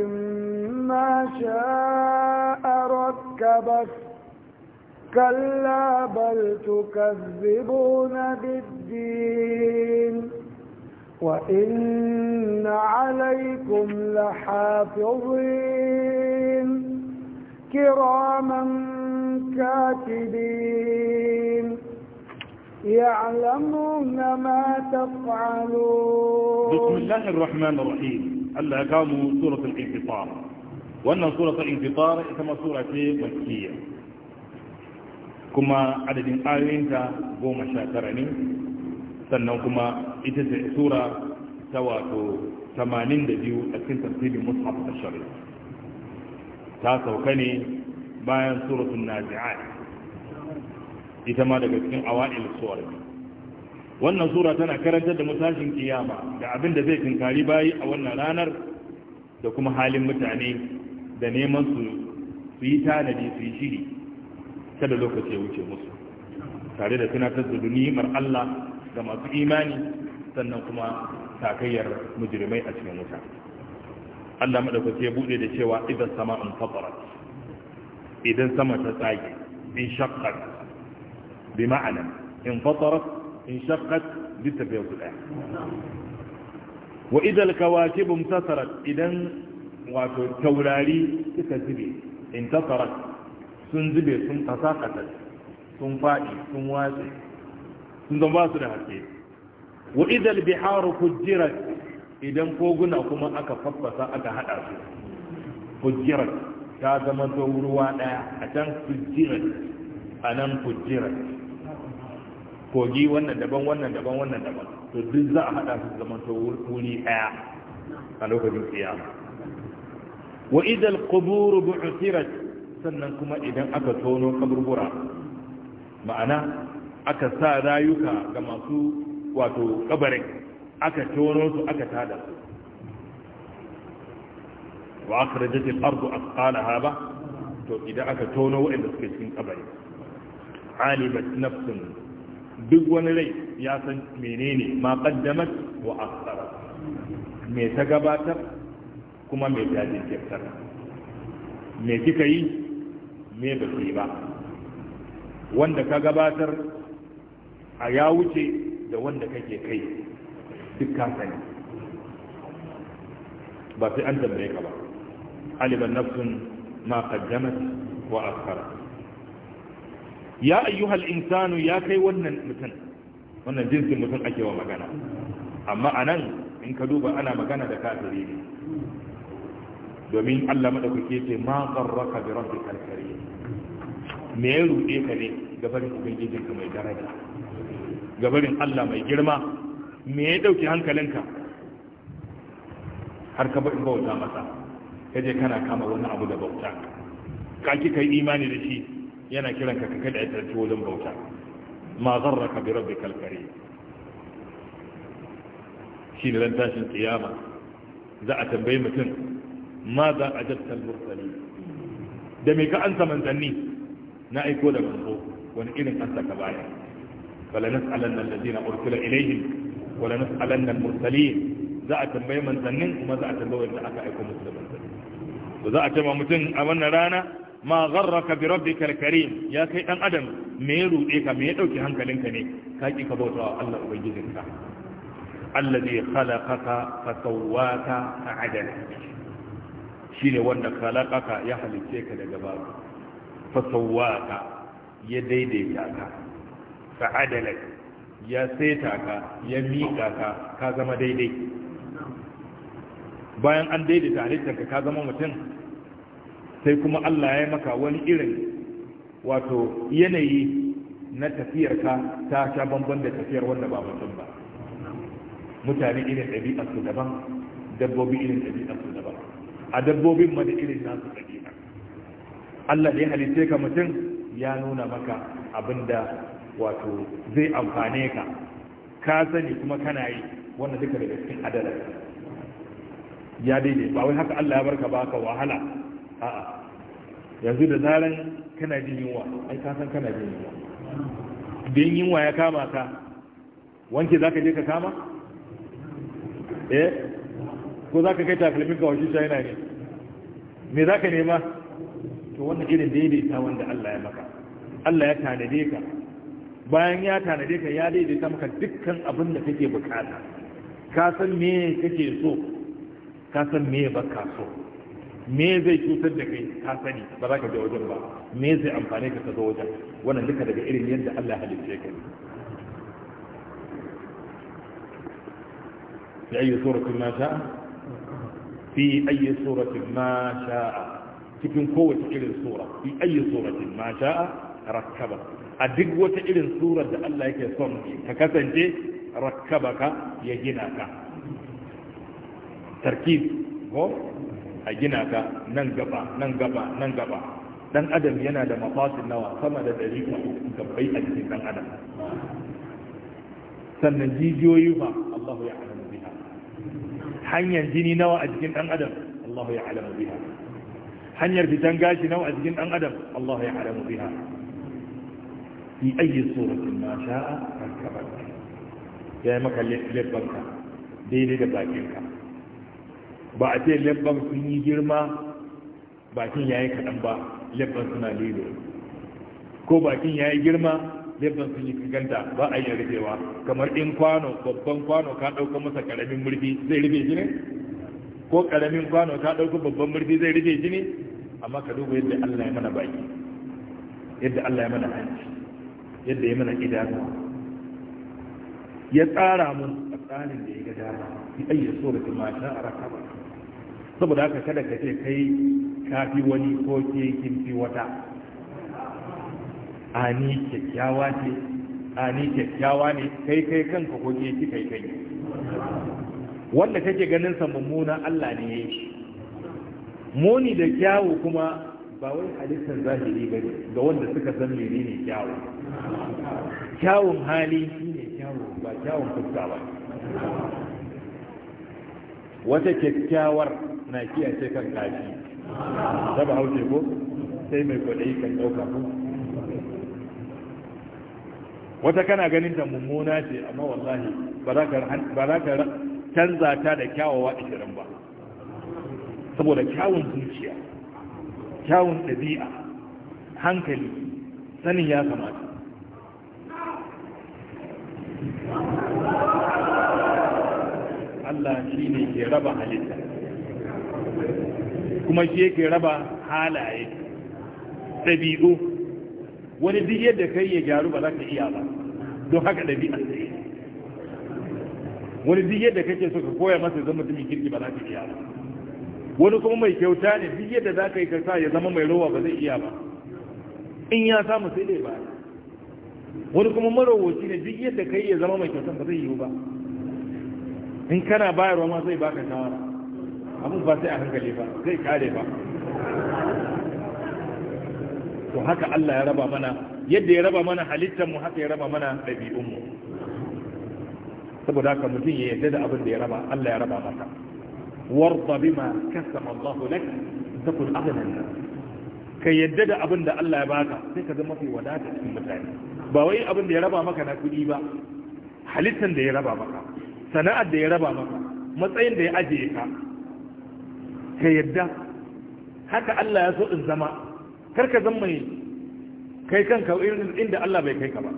ما شاء ركبك كلا بل تكذبون بالدين وإن عليكم لحافظين كراما كاتبين يعلمون ما تفعلون بسم الله الرحمن الرحيم ألا قاموا سورة الانفطار وأن سورة الانفطار اسمها سورة مكية كما عدد انت قوم شاكرني sannan كما ita ce sura ta wato 82 a cikin ta sauka ne bayan suratun nazi'a ita ma daga cikin awa'il suwar wannan sura tana karantar da mutashin kiyama da abin da zai tinkari bayi a wannan ranar da kuma halin mutane da neman su su yi tanadi su yi shiri kada lokaci ya wuce musu tare da tunatar da duniyar Allah ga masu imani sannan kuma takayyar mujrimai a cikin wuta Allah madaukaki ya bude da cewa idan sama an fatara idan sama ta tsage in shaqqat bi ma'ana in fatara in shaqqat bi tafiyatul ayn wa idan al kawakib imtasarat idan wato taurari suka zube in tasara sun zube sun kasakata sun fadi sun watsi sun zama su da hake wa idan al biharu fujirat idan koguna kuma aka faffasa aka hada su fujirar ta zama to ruwa daya a can fujirar a nan fujirar kogi wannan daban wannan daban wannan daban to duk za a hada su zama to wuri daya a lokacin kiyama wa idal quburu bu'thirat sannan kuma idan aka tono kaburbura ma'ana aka sa rayuka ga masu wato kabarin aka tono su aka tada su wa akhrajat al-ardu athqalaha ba to idan aka tono wa'anda suke cikin kabari alimat nafsun duk wani rai ya san menene ma qaddamat wa akhara me ta gabatar kuma me ta jinkirtar me kika yi me ba ku yi ba wanda ka gabatar a ya wuce da wanda kake kai duk ka ba sai an tambaye ka ba aliman nafsun ma qaddamat wa akhara ya ayyuhal insanu ya kai wannan mutum wannan jinsin mutum ake wa magana amma anan in ka duba ana magana da kafiri ne domin Allah madaukake ce ma qarraka bi rabbikal karim me ya ruɗe ka ne gabarin ubangijinka mai daraja gabarin Allah mai girma me ya dauke hankalinka har ka ba in bauta masa ka je kana kama wani abu da bauta ka ki kai imani da shi yana kiran ka kada ya wajen bauta ma bi shi ne ran tashin za a tambayi mutum ma za a mursali da me ka ansa manzanni na aiko da manzo wani irin ansa ka baya falanas alanna allazina wala nas'alanna nan mursalin za a tambaye manzannin kuma za a tambaye wanda aka aika musu da manzanni to za a taba mutum a wannan rana ma gharraka bi rabbikal karim ya kai dan adam me ya rude ka me ya dauki hankalinka ne ka ki ka bauta wa Allah ubangijinka allazi khalaqaka fa sawwaka fa adala shine wanda khalaqaka ya halice ka daga babu fa sawwaka ya daidaita ka fa adala ya seta ka ya miƙa ka ka zama daidai bayan an daidaita halittarka ka zama mutum sai kuma Allah ya maka wani irin wato yanayi na tafiyarka ta sha bamban da tafiyar wanda ba mutum ba mutane irin ɗabi'arsu daban dabbobi irin ɗabi'arsu daban a dabbobin ma da irin nasu ɗabi'a Allah da ya halitta ka mutum ya nuna maka abinda wato zai amfane ka ka sani kuma kana yi wannan duka daga cikin adalar ya daidai ba wai haka Allah ya barka ba ka wahala a'a yanzu da zaran kana jin yunwa ai ka san kana jin yunwa idan yunwa ya kama ka wanke zaka je ka kama eh ko zaka kai takalmin ka wajen yana ne me zaka nema to wannan irin daidaita wanda Allah ya maka Allah ya tanade ka bayan ya tanade ka ya daidaita maka dukkan abin da kake bukata ka san me kake so ka san me baka so me zai cutar da kai ka sani ba za ka je wajen ba me zai amfane ka ka zo wajen wannan duka daga irin yadda Allah ya halicce ka fi ayi suratin ma sha'a fi ayi suratin ma sha'a cikin kowace irin sura fi ayi suratin ma sha'a rakkaba a duk wata irin surar da Allah yake son ka kasance rakkabaka ya gina ka tarkib ko a gina ka nan gaba nan gaba nan gaba dan adam yana da mafasin nawa sama da dari gabbai a cikin dan adam sannan jijiyoyi ba Allah ya alamu biha hanyar jini nawa a cikin dan adam Allah ya alamu biha hanyar fitan gashi nawa a cikin dan adam Allah ya alamu biha fi ayi suratin ma sha'a a kabar ya yi maka lebbanka daidai da bakinka ba a ce lebban sun yi girma bakin ya yi kaɗan ba lebban suna lilo ko bakin ya yi girma lebban sun yi kaganta ba a yi rufewa kamar in kwano babban kwano ka ɗauka masa ƙaramin murfi zai rufe shi ne ko ƙaramin kwano ka ɗauka babban murfi zai rufe shi ne amma ka duba yadda allah ya mana baki yadda allah ya mana hanci yadda ya mana idanu ya tsara mun a tsarin da ya ga dama ya ayyar so da mata a raka ba saboda haka kada ka ce kai kafi wani ko ke kin fi wata ni kyakkyawa ce ni kyakkyawa ne kai kai kanka ko ke ki kai kai wanda kake ganin sa mummuna Allah ne ya yi muni da kyawu kuma ba wai hadisin zahiri ba ne, ga wanda suka san mene ne kyawun. kyawun hali shi ne kyawun, ba kyawun fuska ba wata kyakkyawar na kiyace kan kashi ta ba hauce ko sai mai kwaɗayi kan ɗauka ko wata kana ganin ta mummuna ce amma wallahi ba za ka canza ta da kyawawa ishirin ba saboda kyawun zuciya kyawun ɗabi'a hankali sanin ya kamata Allah shi ne ke raba halitta kuma shi ke raba halaye ɗabi'u wani duk yadda kai ya gyaru ba za ka iya ba don haka ɗabi'a wani duk yadda kake so ka koya masa zama mutumin kirki ba za ka iya ba wani kuma mai kyauta ne duk yadda za ka yi kasa ya zama mai rowa ba zai iya ba in ya samu sai dai ba wani kuma marowaci ne duk yadda yi ya zama mai kyauta ba zai yiwu ba in kana bayarwa ma zai baka shawara abin ba sai a hankali ba zai kare ba to haka Allah ya raba mana yadda ya raba mana halittar mu haka ya raba mana ɗabi'un mu saboda haka mutum ya yarda da abin da ya raba Allah ya raba masa warda bima kasama Allah lak takun aghna nas ka yadda da abin da Allah ya baka sai ka zama mafi wadata cikin mutane ba wai abin da ya raba maka na kuɗi ba halittar da ya raba maka sana'ar da ya raba maka matsayin da ya ajiye ka ka yadda haka Allah ya so in zama kar ka zama mai kai kanka irin inda Allah bai kai ka ba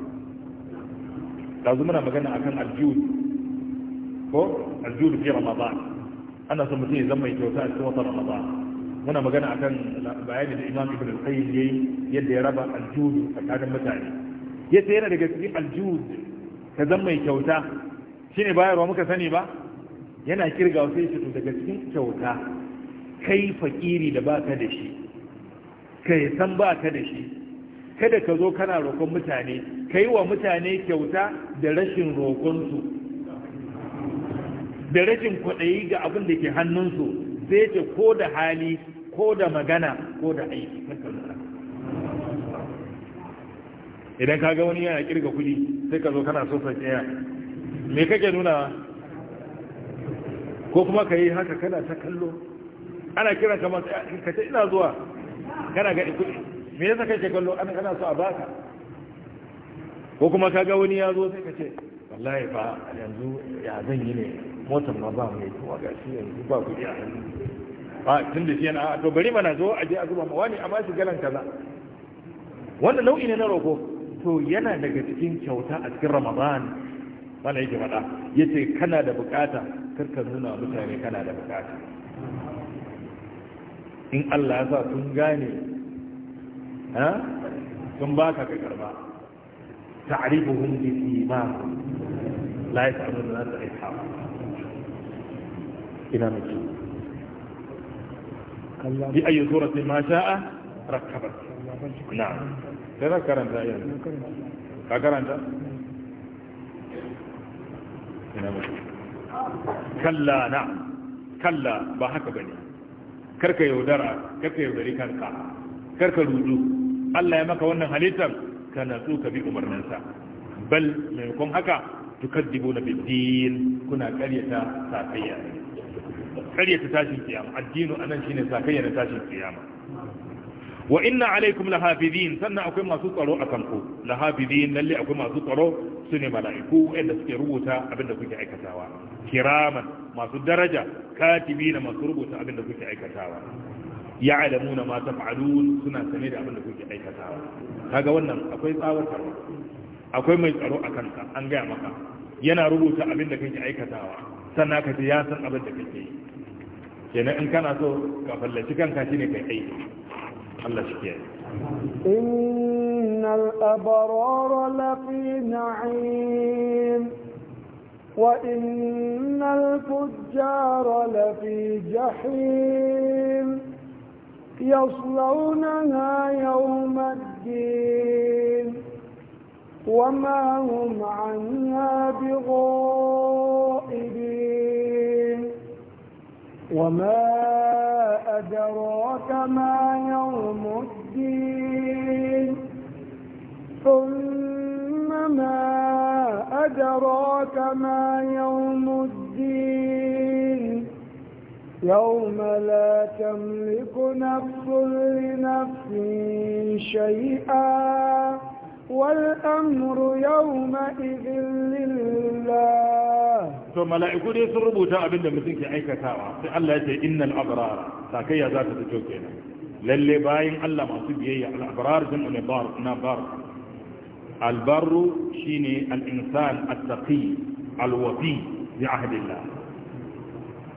da zumuna magana akan aljud ko aljud fi ramadan ana so mutum ya zama mai kyauta a cikin watan ramadan muna magana akan bayani da imam ibn al-qayyim yayi yadda ya raba a tsakanin mutane yace yana daga cikin al-jud ka zama mai kyauta shine bayarwa muka sani ba yana kirga wasu shi daga cikin kyauta kai fakiri da baka da shi kai san baka da shi kada ka zo kana roƙon mutane kai wa mutane kyauta da rashin roƙonsu da rashin kwaɗayi ga abin da ke hannunsu sai ce ko da hali ko da magana ko da aiki idan ka ga wani yana kirga kudi, sai ka zo kana so sa ya me kake nuna ko kuma ka yi haka kana ta kallo ana kiran ka masu ka ce ina zuwa kana ga kuɗi me yasa kai ke kallo ana kana so a baka ko kuma ka ga wani ya zo sai ka ce wallahi fa yanzu ya zan yi ne motar ma ba mai kuma ga shi yanzu ba kuɗi a hannu a tun da shi yana to bari mana zo a je a zuba mawa ne a bashi galan kaza wanda nau'i ne na roƙo to yana daga cikin kyauta a cikin ramadan mana yake faɗa ya ce kana da bukata karka nuna mutane kana da bukata in allah ya sa sun gane sun ba ka karba ta'arifuhum bi imam la yas'aluna an-nasa ilhama إلى مكة بأي سوره ما شاء ركبت نعم تذكر أنت تذكر أنت إلى مكة كلا نعم كلا بحك بني كرك يودرع كرك يودري كان قاع كرك الوجو الله يمك وانا هليتك كان سوك بأمر ننسى بل من يكون هكا تكذبون بالدين كنا قريتا ساتيا karyata tashin kiyama addinu anan shine sakayya na tashin kiyama wa inna alaikum lahafizin sannan akwai masu tsaro a kanku lahafizin lalle akwai masu tsaro su ne mala'iku yadda suke rubuta abin da kuke aikatawa kiraman masu daraja katibina masu rubuta abin da kuke aikatawa ya'lamuna ma taf'alun suna sane da abin da kuke aikatawa kaga wannan akwai tsawatarwa akwai mai tsaro a kanka an gaya maka yana rubuta abin da kake aikatawa sannan ka ce ya san abin da kake yi kenan in kana so ka fallaci kanka shine kai aiki Allah shi ke innal abrara lafi na'im wa innal fujjara lafi jahim yaslawnaha yawma الدين وما هم عنها بغائبين وما أدراك ما يوم الدين ثم ما أدراك ما يوم الدين يوم لا تملك نفس لنفس شيئا والأمر يومئذ لله to mala'iku dai sun rubuta abin da mutum ke aikatawa sai Allah ya ce innal abrar sakayya za ta fito kenan lalle bayin Allah masu biyayya al abrar ne bar na bar al barru shine al insan at taqi al wafi bi ahdillah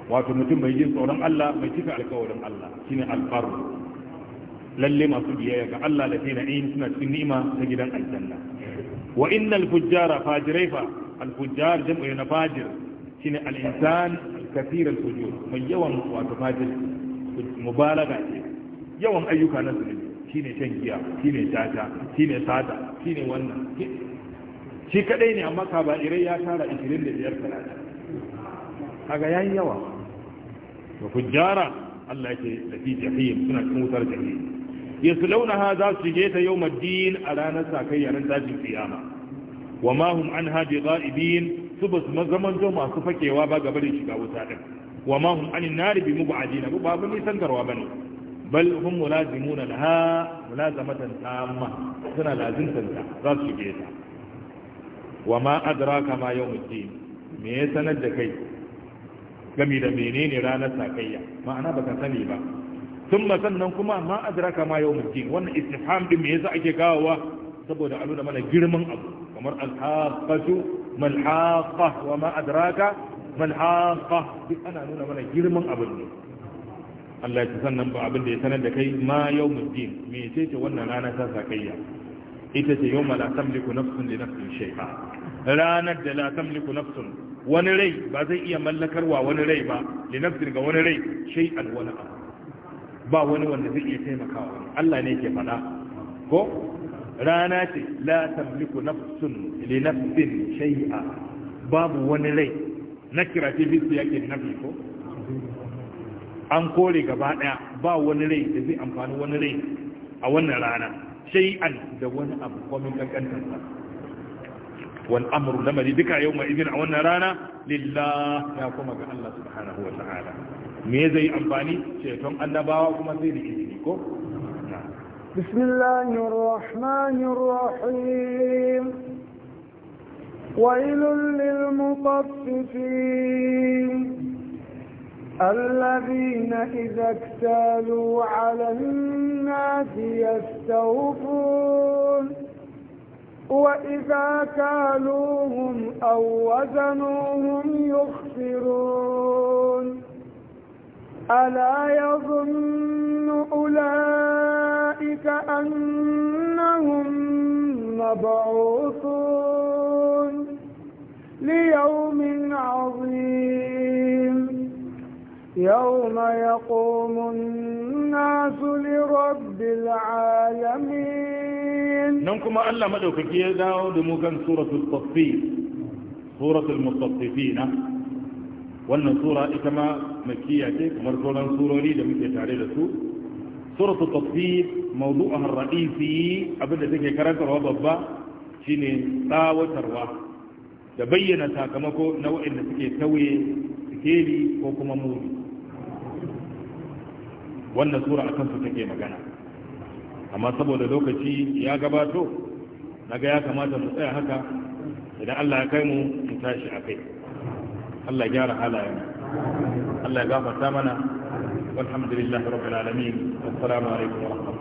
wato mutum bai jin tsoron Allah mai cika alƙawarin Allah shine al barru lalle masu biyayya ga Allah da fina in suna cikin ni'ima ta gidan aljanna wa innal fujjara fajirai fa al fujjar jam'u na fajir shine al insan kathir al fujur mai yawan wato fajir mubalaga ce yawan ayyuka na zunubi shine shan giya shine tata shine sata shine wannan shi kadai ne amma kabairai ya tara 25 talata kaga yayi yawa wa fujjara Allah yake da fi jahim suna cikin wutar jahim Ya yaslaunaha za su shige ta yawmad din a ranar sakayya ran tashin kiyama wa ma hum anha bigha'ibin su ba su zaman mazamanto masu fakewa ba gaba da shiga wuta din wa ma hum anin nari bi mub'adina ba ba mai ba ne. bal hum mulazimuna laha mulazamatan tamma suna lazimtan ta za su shige ta wa ma adraka ma yawmuddin me ya sanar da kai gami da menene ranar sakayya ma'ana baka sani ba thumma sannan kuma ma adraka ma yawmul din wannan istifham din me yasa ake gawawa saboda a nuna mana girman abu kamar al-haqqatu mal haqqa wa ma adraka mal haqqa duk ana nuna mana girman abin ne Allah ya sannan ba abin da ya sanar da kai ma yawmul din me ce ce wannan rana ta sakayya ita ce yawma la tamliku nafsun li nafsin shay'a ranar da la tamliku nafsun wani rai ba zai iya mallakarwa wani rai ba li nafsin ga wani rai shay'an wani abu ba wani wanda zai iya taimaka wani Allah ne ke faɗa ko rana ce la tamliku nafsun li nafsin shay'a babu wani rai na kirafi bisu yake nafi ko an kore gaba daya ba wani rai da zai amfani wani rai a wannan rana shay'an da wani abu komin kankantar sa wal amru lamari duka yau yawma idin a wannan rana lillah ya kuma ga Allah subhanahu wa ta'ala me zai amfani ceton annabawa kuma sai da izini ko بسم الله الرحمن الرحيم ويل للمطففين الذين إذا اكتالوا على الناس يستوفون وإذا كالوهم أو وزنوهم يخسرون ألا يظن أولئك أنهم مبعوثون ليوم عظيم يوم يقوم الناس لرب العالمين ننكم نعم، ألا مدوك كي دموكا سورة التصفيف سورة المتصفين wannan sura ita ma makkiya ce kamar sauran surori da muke tare da su suratu tafsir mawdu'uha ar-ra'isi abinda take karantarwa babba shine tsawatarwa da bayyana sakamako na waɗanda suke tauye sikeli ko kuma muri wannan sura akan su take magana amma saboda lokaci ya gabato naga ya kamata mu tsaya haka idan Allah ya kai mu mu tashi a kai الله جار حالي الله قابل ثمنا والحمد لله رب العالمين والسلام عليكم ورحمة الله